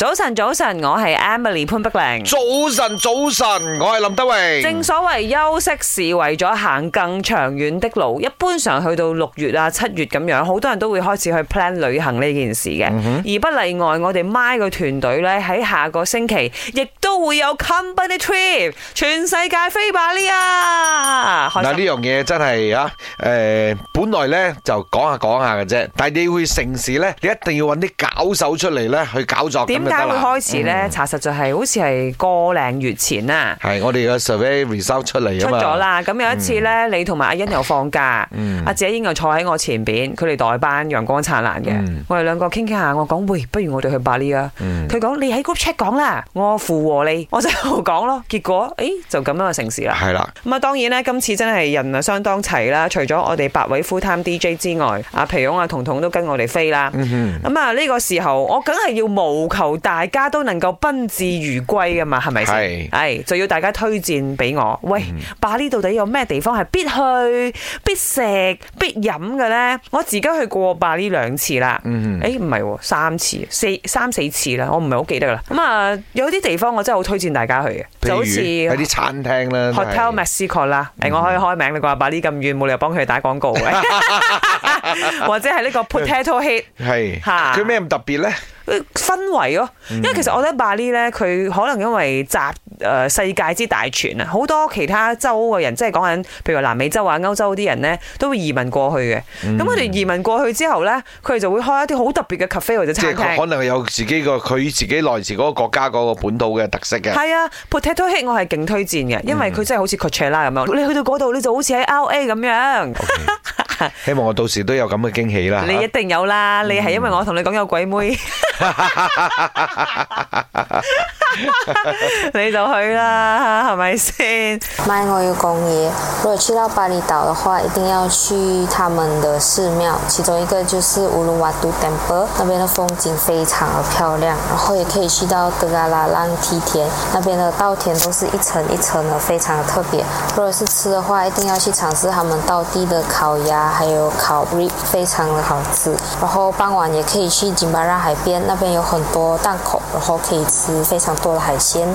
早晨，早晨，我係 Emily 潘碧玲。早晨，早晨，我係林德榮。正所謂休息是為咗行更長遠的路。一般上去到六月啊、七月咁樣，好多人都會開始去 plan 旅行呢件事嘅、嗯哼，而不例外，我哋麥個團隊咧喺下個星期亦，會有 company trip，全世界飛巴厘啊！嗱呢樣嘢真係啊，誒、呃、本來咧就講下講下嘅啫，但係你會成事咧，你一定要揾啲搞手出嚟咧去搞作。點解會開始咧？查、嗯、實就係好似係個零月前啊，係我哋嘅 survey result 出嚟啊出咗啦，咁有一次咧、嗯，你同埋阿欣又放假，阿、嗯、姐英又坐喺我前邊，佢哋代班，陽光燦爛嘅，我哋兩個傾傾下，我講，喂，不如我哋去巴厘啊？佢、嗯、講，你喺 group chat 講啦，我附和你。我就講咯，結果誒就咁樣嘅成事啦。係啦，咁啊當然咧，今次真係人啊相當齊啦。除咗我哋八位 full time DJ 之外，阿皮勇啊、阿彤彤都跟我哋飛啦。咁啊呢個時候，我梗係要無求，大家都能夠賓至如歸噶嘛，係咪係，就要大家推薦俾我。喂，巴、嗯、厘到底有咩地方係必去、必食、必飲嘅呢？我自己去過巴厘兩次啦。誒、嗯，唔係，三次、四三四次啦，我唔係好記得啦。咁、嗯、啊，有啲地方我真係。好推薦大家去嘅，就好似喺啲餐廳啦，Hotel Mexico 啦，誒，我可以開名你掛，巴厘咁遠冇理由幫佢打廣告嘅， 或者係呢個 Potato Head 係吓佢咩咁特別咧？氛圍咯，因為其實我覺得巴厘呢，佢可能因為集。誒世界之大全啊，好多其他州嘅人，即係講緊，譬如南美洲啊、歐洲啲人呢，都會移民過去嘅。咁佢哋移民過去之後呢，佢哋就會開一啲好特別嘅 cafe 或者餐廳。即係可能有自己個佢自己來自嗰個國家嗰個本土嘅特色嘅。係啊，Potato Head，我係勁推薦嘅，因為佢真係好似 Coachella 啦咁樣，嗯。你去到嗰度，你就好似喺 LA 咁樣。Okay, 希望我到時都有咁嘅驚喜啦！你一定有啦，嗯，你係因為我同你講有鬼妹。 你就去啦，係咪先？唔係我要講嘢。如果去到巴厘島的話，一定要去他們的寺廟，其中一個就是烏魯瓦都 Temple，那邊的風景非常的漂亮。然後也可以去到德噶拉浪梯田，那邊的稻田都是一層一層的，非常的特別。如果是吃的話，一定要去嘗試他們道地的烤鴨，還有烤肉，非常的好吃。然後傍晚也可以去金巴蘭海邊，那邊有很多檔口，然後可以吃非常。多了海鮮。